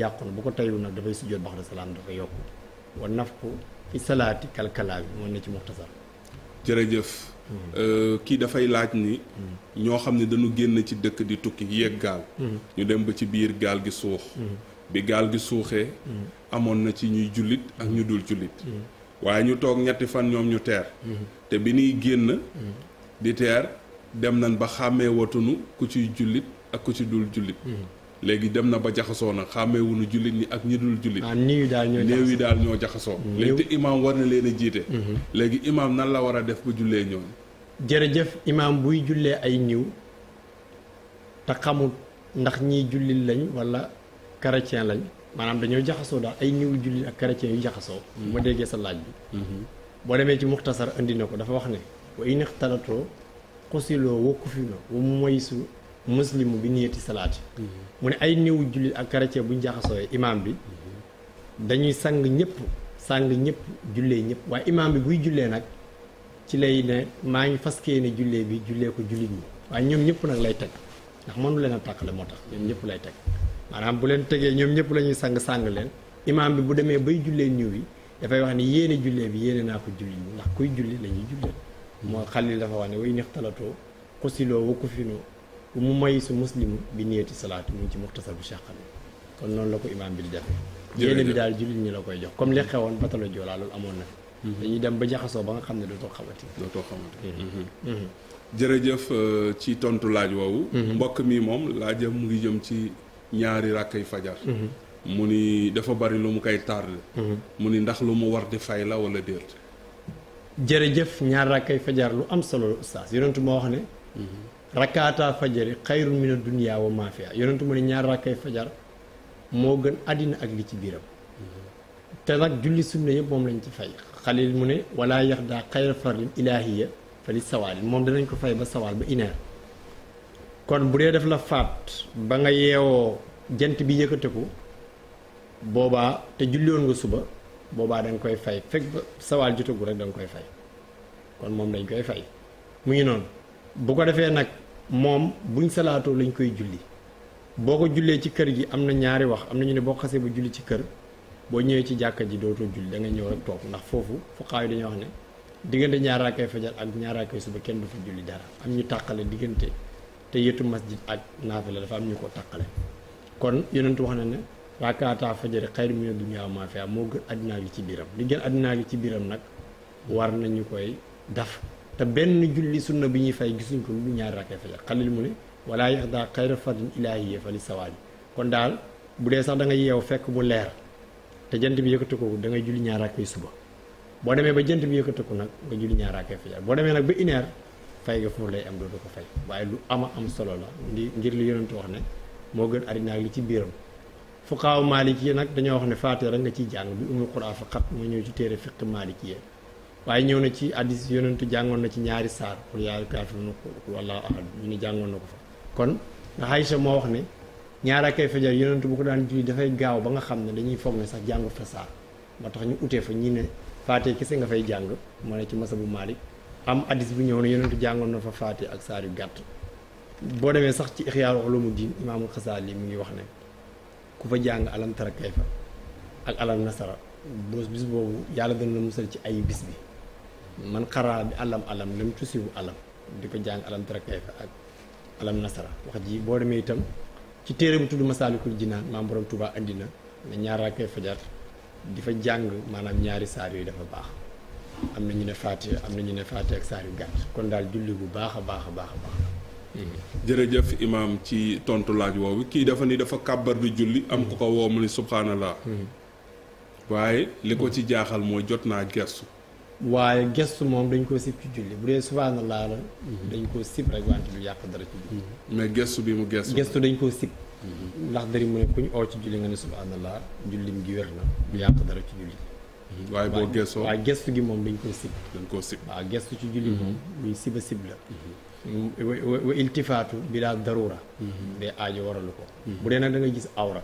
yàqu bu ko tayul nag dafay sujjoot baxda salaam dafa yokk wa nafku fi salaati kalkalaam yi mooy ne ci muxtasar jërëjëf hmm. euh, kii dafay laaj ni hmm. ñoo xam ne dañu génn ci dëkk di tukki yéeg gaal hmm. dem ba ci biir gaal gi suux bi gaal gi suuxee amoon na ci ñuy jullit ak ñu dul jullit waaye ñu toog ñetti fan ñoom ñu teer te bi ñuy génn di teer dem nañ ba xàmmee watunu ku ciy jullit ak ku ci dul jullit léegi dem na ba jaxasoo nag xàmmeewuñu jullit ñi ak ñi dul jullit ah, néew yi daal ñoo jaxasoo léegi te imaam war na leen a jiite mhm. léegi imaam nan la war a def ba jullee ñoom jërëjëf imam buy jullee ay niw te xamul ndax ñii jullit lañ wala chrétien lañ maanaam dañoo jaxasoo daal ay niw jullit ak chrétien yu jaxasoo mhm. ma déggee sa laaj bi mhm. boo demee ci muxtasar indi na ko dafa wax ne wa in ixtalatoo xusiloo wa kufiloo wa moysu muslimu bi niyati salaati mhm. mu ne ay néewu jullit ak chrétien bu ñu jaxasooyee imaam bi mhm. dañuy sang ñëpp sang ñëpp jullee ñëpp waaye imaam bi buy jullee nag ci lay ne maa ngi faskee ne jullee bi jullee ko jullit ñi waaye ñoom ñëpp nag lay teg ndax mënu leen a tàqale moo tax ñoom ñëpp lay teg maanaam bu leen tegee ñoom ñëpp lañuy sang sang leen imaam bi bu demee bay jullee niw yi dafay wax ni yéene jullee bi yéene naa ko jullit ñi ndax kuy julli la ñuy jullee mhm. moo xalil dafa wax ne way nextalatoo xusiloo wa bu mu may su muslimu bi niyati salaatu mu ci muxtasar bu Cheikh Xadim kon noonu la ko imaam bi di defee yéene bi daal ñi la koy jox comme li xewoon batalo joolaa loolu amoon mhm. dañuy dem ba jaxasoo ba nga xam ne dootoo xamati dootoo xamati mhm. Mhm. jërëjëf euh, ci tontu laaj woowu mbokk mi moom laajam mu ngi jëm ci ñaari ràkkay fajar dafa bari lu mu koy tardé mu ni ndax lu mu war di fay la wala déet jërëjëf ñaar ràkkay fajar lu am solo la oustaz yonentu moo wax ne rakkaata fajari xayrun mi dunya wa maa fiha yonentu mu ne ñaar rakkay fajar moo gën àddina ak li ci biiram te nag julli sunna yëpp moom lañ ci fay xalil mu ne wala yax daa xayra fardin fa li moom danañ ko fay ba sawal ba ineer kon bu dee def la faat ba nga yeewoo jant bi yëkkateku boobaa te julliwoon nga suba boobaa da koy fay fekk ba sawal jotagu rek da koy fay kon moom lañ koy fay mu ngi noonu bu ko defee nag moom buñ salaatoo lañ koy julli boo ko jullee ci kër gi am na ñaari wax am na ñu ne boo xasee ba julli ci kër boo ñëwee ci jàkka ji dootoo julli da nga ñëw rek toog ndax foofu fuqaa yi dañuy wax ne diggante ñaaraakay fajar ak ñaaraakay suba kenn du fa julli dara am ñu tàqale diggante te yetu masjid ak naafila dafa am ñu ko tàqale kon yonent wax na ne raakaataa fajari xayru mina dunyaa maa fiihaa moo gën addinaa gi ci biiram li gën addinaa ci biiram nag war nañu koy daf te benn julli sunna bi ñuy fay gisuñ ko lu ñaari rakkee fajar xalil mu ne walaa yax daa xayra fardin ilaahiya fa li sawaabi kon daal bu dee sax da nga yeew fekk mu leer te jant bi yëkkati ko da ngay julli ñaar rakkee suba boo demee ba jant bi yëkkati ko nag nga julli ñaar rakkee fajar boo demee nag ba une fay nga foofu lay am dootu ko fay waaye lu ama am solo la ndi ngir li yonentu wax ne moo gën addinaa li ci biiram fuqaaw maalik yi nag dañoo wax ne faatee rek nga ciy jàng bi umul quraa fa xat moo ñëw ci téere fiq maalik yi waaye ñëw na ci hadiis yonentu jàngoon na ci ñaari saar pour yaay kaatul na ko wala ahad ñu ne jàngoon na ko fa kon Aysa moo wax ne ñaar kay ay fajar yonentu bu ko daan julli dafay gaaw ba nga xam ne dañuy foog ne sax jàngu fa saar tax ñu utee fa ñi ne faatee kese nga fay jàng moo ne ci masa bu Maalik am hadiis bu ñëw ne yonentu jàngoon na fa faatee ak saar yu gàtt boo demee sax ci Ihyaa Ulumuddin Imaamul Xasaali mu ngi wax ne ku fa jàng alam tara kayfa ak alam nasara bés boobu yàlla dana la musal ci ayu bis bi man xaraa bi alam alam lam tusiwu alam di ko jàng alam tara kayfa ak alam nasara wax ji boo demee itam ci téere bu tudd masaalikul jinaan maam borom Tuubaa andi na ne ñaaraa fajar di fa jàng maanaam ñaari saar yooyu dafa baax am na ñu ne faatiha am na ñu ne faatiha ak saar yu gàtt kon daal julli bu baax a baax a baax jërëjëf imaam ci tontu laaj woowu kii defa ni dafa kabar bi julli am ko ko woo mu ni subhanallah hmm. waaye li ko ci jaaxal mooy jot naa gersu waaye gestu moom dañ koo sib ci julli bu dee subhanallah la mhm. dañ koo sib rek wante du yàq dara ci julli mhm. mais gestu bi mu gestu gestu dañ koo sib mhm. ndax dari mu ne kuñ oo ci julli nga ne subhanallah jullim gi wér na du yàq dara ci julli waaye boo gestoo waaye gestu gi moom dañ koo sib dañ koo sib waaw gestu ci julli moom luñ siba sib la wa iltifaatu bi daa darura dee aajo waralu ko bu dee nag da nga gis awra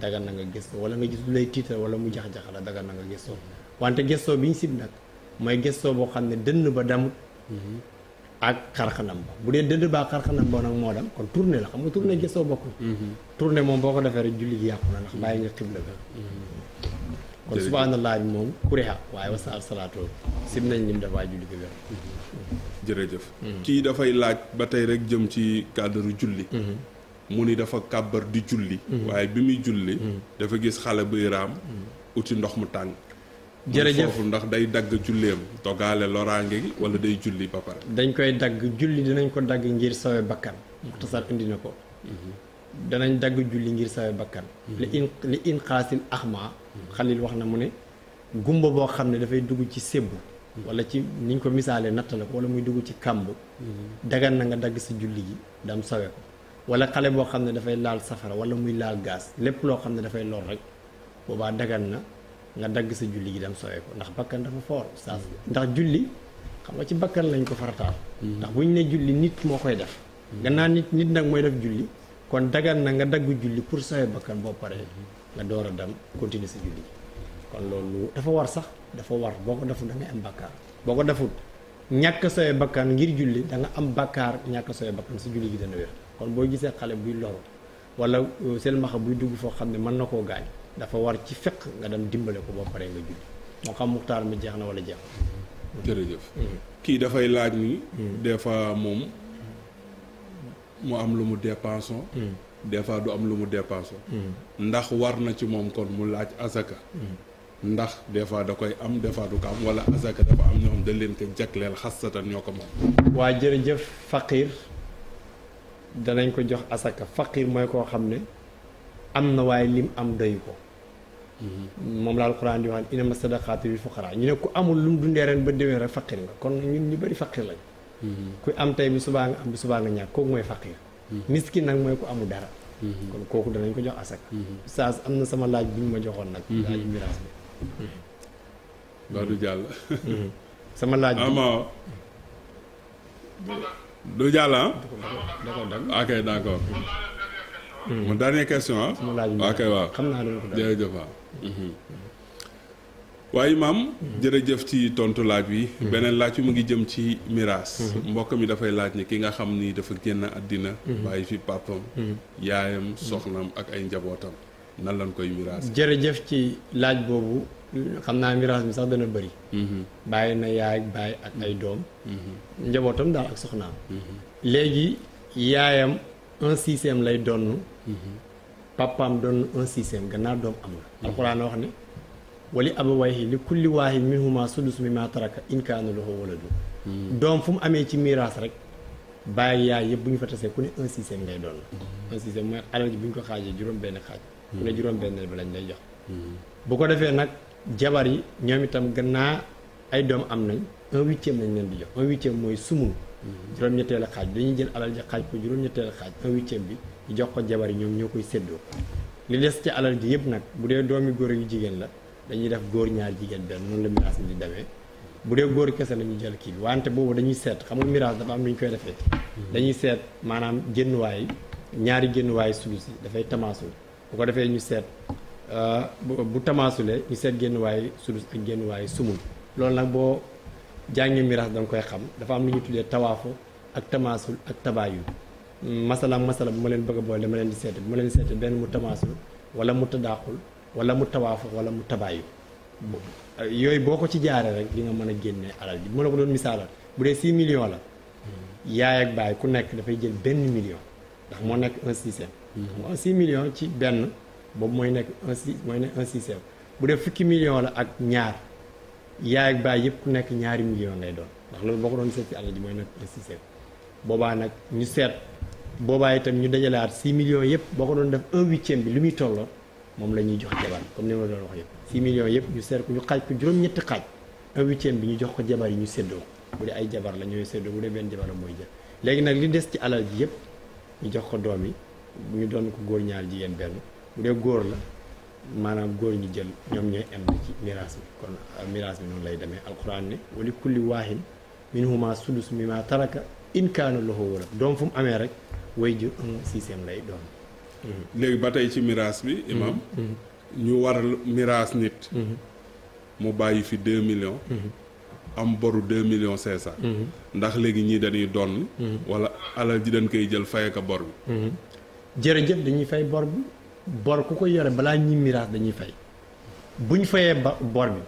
dagan na nga gestoo wala nga gis lu lay tiital wala mu jax-jaxala dagan na nga gestoo wante gestoo biñ sib nag mooy gëstoo boo xam ne dënn ba damut ak xarxanam ba bu dee dënn baa xarxanam ba nag moo dam kon tourné la xam nga tourné gëstoo bokkul tourné moom boo ko defee rek julli gi yàqu na ndax bàyyi nga xibla ba kon moom kuriha waaye wasa al salaatu sim nañ lim dafaa jërëjëf mm-hmm. kii dafay laaj ba tey rek jëm ci cadre julli mm-hmm. mu ni dafa kàbbar di julli mm-hmm. waaye bi muy julli dafa gis xale buy raam uti ndox mu tàng jërëjëf ndax day dagg julleem toggaale loraange gi wala day julli ba pare. dañ koy dagg julli dinañ ko dagg ngir sawe bakkan. muxtasar indi na ko. Mhm. danañ dagg julli ngir sawe bakkan. Mhm. li in li in xaasin axma mhm. xalil wax na mu ne gumba boo xam ne dafay dugg ci sébbu. wala ci niñ ko misaalee natt la ko wala muy dugg ci kàmb. dagan na nga dagg si julli gi dam sawe ko wala xale boo xam ne dafay laal safara wala muy laal gaz lépp loo xam ne dafay lor rek boobaa dagan na. nga dagg sa julli gi dem sooyee ko ndax bakkan dafa foor saas ndax julli xam nga ci bakkan lañ ko farataal hmm. ndax bu ñu ne julli nit moo koy def hmm. gannaaw nit nit nag mooy def julli kon dagan na nga dagg julli pour sooyee bakkan boo paree nga door a dem continuer sa julli kon loolu dafa war sax dafa war boo ko defut da ngay am bakkaar boo ko defut ñàkk sooyee bakkan ngir julli danga am bakkaar ñàkk sooyee bakkan sa julli gi dana wér kon boo gisee xale buy loru wala euh, seen maxa buy dugg foo xam ne mën na koo gaañ dafa war ci fekk nga dem dimbale ko ba pare nga julli moo xam muxtaar mi jeex na wala jeex jërëjëf mm-hmm. kii dafay laaj ni mm-hmm. fois moom mu am lu mu dépensons mm-hmm. des fois du am lu mu dépensons ndax war na ci moom kon mu laaj asaka ndax des fois da koy am des fois du ko am wala asaka dafa am ñoo xam dañ leen ko leen xasatan ñoo ko moom waa jërëjëf faqir danañ ko jox asaka faqir mooy koo xam ne am na waaye lim am doyu ko moom la alxuraan di wax inama bi lil fuqara ñu ne ku amul lu mu dundee ren ba déwén rek faqir nga kon ñu bëri faqir lañ mm-hmm. ku am tey bi subaa nga am bi subaa nga ñàkk kooku mooy faqir mm-hmm. miskin nag mooy ku amul dara mm-hmm. kon kooku danañ ko jox asaka saas am na sama laaj bu ñu ma joxoon nag laaju miraas bi ba du jàll sama laaj bi du jàll ah d'accord d'accord ok d'accord mon dernière question ah xam naa dama ko jërëjëf waaw Mm-hmm. waaye maam mm-hmm. jërëjëf ci tontu laaj bi mm-hmm. beneen laaj bi mu ngi jëm ci miraas mbokk mi dafay laaj ni ki nga xam ni dafa génn àddina bàyyi fi pàppam yaayam soxnam ak ay njabootam nan lañ koy miraas jërëjëf ci laaj boobu xam naa miraas mi sax dana bëri bàyyi na yaay bàyyi ak ay doom njabootam daal ak soxnaam léegi yaayam un sixième lay donn papaam doon un sixième gannaaw doom amul alxuraan a wax ne wali abawayhi li kulli waahid minhuma sudus mimma taraka in kaana lahu waladu hmm. doom fu mu amee ci miraas rek bàyyi yaay yëpp bu ñu fa tasee ku ne un sixième ngay doon hmm. un sixième mooy alal ji bu ñu ko xaajee juróom benn xaaj hmm. ku ne juróom benn bi lañ lay jox bu ko defee nag jabar yi ñoom itam gannaaw ay doom am nañ un huitième lañ leen di jox un huitième mooy sumul juróom-ñetteelu xaaj dañuy jël alal ji xaaj ko juróom-ñetteelu xaaj un huitième bi ñu jox ko jabar yi ñoom ñoo koy séddoo li des ci alal ji yëpp nag bu dee doomi góor yu jigéen la dañuy def góor ñaar jigéen benn noonu la miraas mi di demee bu dee góor kese la ñu jël kii bi wante boobu dañuy seet xam nga miraas dafa am lu ñu koy defee dañuy seet maanaam génnuwaay ñaari génnuwaay suuf si dafay tamaasul bu ko defee ñu seet euh, bu tamaasule ñu seet génn waaye sudus ak génn waaye sumul loolu jàngi miraas danga koy xam dafa am lu ñu tuddee tawaafu ak tamaasul ak tabaayu masalaam masala bu ma leen bëgg a boole dama leen di seete bu ma leen di seete benn mu tamaasul wala mu tadaaxul wala mu tawaafu wala mu tabaayu yooyu boo ko ci jaaree rek di nga mën a génne alal ji bu ma la ko doon misaalal bu dee 6 million la yaay ak baay ku nekk dafay jël benn million ndax moo nekk un sixième xam hmm. nga un six million ci benn boobu mooy nekk un mooy nekk un bu dee fukki million la ak ñaar yaay ak baay yëpp ku nekk ñaari million lay doon ndax loolu boo ko doon seet ci àll ji mooy note insisté boobaa nag ñu seet boobaa itam ñu dajalaat 6 million yëpp boo ko doon def un huitième bi li muy tolloo moom la ñuy jox jabar comme ni ma doon wax yëpp 6 millions yëpp ñu seet ko ñu xaaj ko juróom xaaj un bi ñu jox ko jabar yi ñu séddoo bu dee ay jabar la ñooy séddoo bu dee benn jabar mooy jël léegi nag li des ci alal ji yëpp ñu jox ko doom yi ñu doon ko góor ñaar jigéen benn bu dee góor la maanaam góor ñi jël ñoom ñooy am ci miraas mi kon euh, miraas mi noonu lay demee alquran ne wali kulli waahin minhuma sudus mi ma taraka in kaana lahu wala doom fu mu amee rek way jur un sixième lay doon mhm. léegi ba tey ci miraas bi mhm. imam mhm. ñu war miraas nit mu bàyyi fi deux millions am boru deux millions cinq ndax léegi ñi dañuy donn wala alal ji dan koy jël fay ak bor bi jërëjëf dañuy fay bor bi bor ku ko yore balaa ñuy miraas dañuy fay bu ñu fayee ba bor bi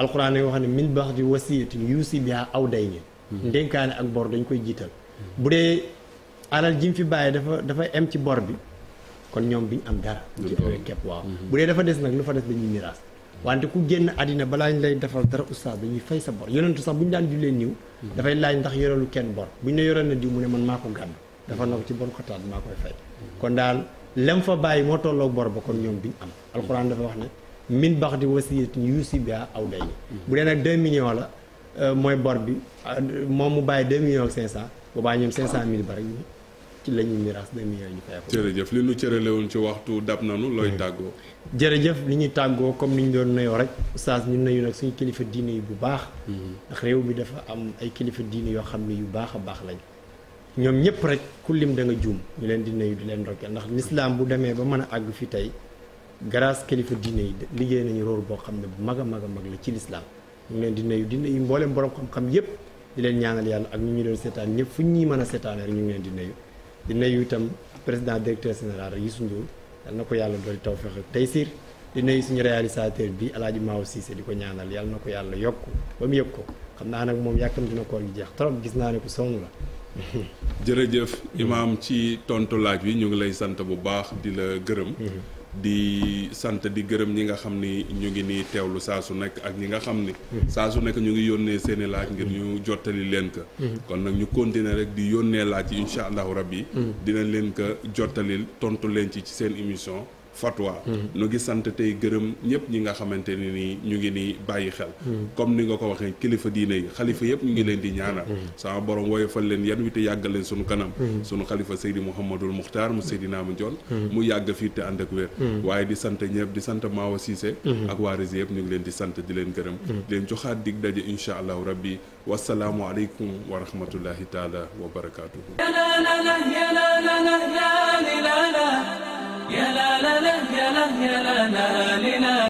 alxuraan dañuy wax ne min baax di wasiyatin yuusi bihaa aw day nii hmm. dénkaane ak bor dañ koy jiital bu dee alal ji mu fi bàyyi dafa dafa em ci bor bi kon ñoom bi am dara képp waaw hmm. bu dee dafa des nag lu fa des dañuy miraas wante ku génn àddina balaa ñu lay defal dara oustaz dañuy fay sa bor yonentu sax bu ñu daan jullee niw hmm. dafay laaj ndax yorelu kenn bor bu ñu la yoreel na diw mu ne man maa ko gàddu dafa na ko ci bon xotaat maa koy fay kon daal lem fa bàyyi moo tolloog bor ba kon ñoom duñ am alxuraan dafa wax ne min bax di wasiyatin yuusi bihaa aw dayni bu dee nag 2 millions la euh, mooy bor bi euh, moom mu bàyyi 2 millions ak 500 boobaa ñoom 500000 ba rek ci la ñuy miraas 2 millions ñu fay ko. jërëjëf li ñu cërale woon ci waxtu dab nanu looy hmm. tàggoo. jërëjëf li ñuy tàggoo comme ni ñu doon nuyoo rek oustaz ñu nuyu nag suñ kilifa diine yi bu baax. Hmm. ndax réew mi dafa am ay kilifa diine yoo xam ne yu baax a baax lañ ñoom ñëpp rek ku lim da nga juum ñu leen di nuyu di leen ndokkeel ndax l'islam bu demee ba mën a àgg fi tey grâce kilifa diine yi liggéey nañu rôle boo xam ne bu mag a mag a mag la ci l'islam ñu leen di nuyu di nuyu mboolem borom xam yëpp di leen ñaanal yàlla ak ñu ñu doon seetaan ñëpp fu ñuy mën a seetaane ñu ngi leen di nuyu di nuyu itam président directeur général rek Youssou Ndour yal na ko yàlla dool tawfeex ak taysiir di nuyu suñu réalisateur bi El Hadj Maw Cissé di ko ñaanal yàlla na ko yàlla yokk ba mu yëg ko xam naa nag moom yàkkam dina koor gi jeex trop gis naa ne ko sonn la jërëjëf imaam ci tontu laaj bi ñu ngi lay sant bu baax di la gërëm di sant di gërëm ñi nga xam ni ñu ngi nii teewlu saa su nekk ak ñi nga xam ni saa su nekk ñu ngi yónnee seen i laaj ngir ñu jottali leen ko kon nag ñu continuer rek di yónnee laaj yi incha allahu rabbi dinañ leen ko jottalil tontu leen ci ci seen émission fatwa mm-hmm. nu ngi sant tey gërëm ñëpp ñi nga xamante ni nii ñu ngi ni bàyyi xel mm-hmm. comme ni nga ko waxee kilifa diine yi xalifa yëpp ñu ngi leen di mm-hmm. ñaanal sama borom woyofal leen yan wi te yàggal leen sunu kanam sunu xalifa Seydi Mouhamadul Muxtaar mu Seydina mu Njoon mu yàgg fii te ànd ak wér waaye di sant ñëpp di sant Mawa Cissé ak waa Rési yëpp ñu ngi leen di sant di leen gërëm di leen joxaat dig daje incha allahu rabbi wasalaamu aleykum wa rahmatullahi taala يا لا لا لا يا لا يا لا لا لا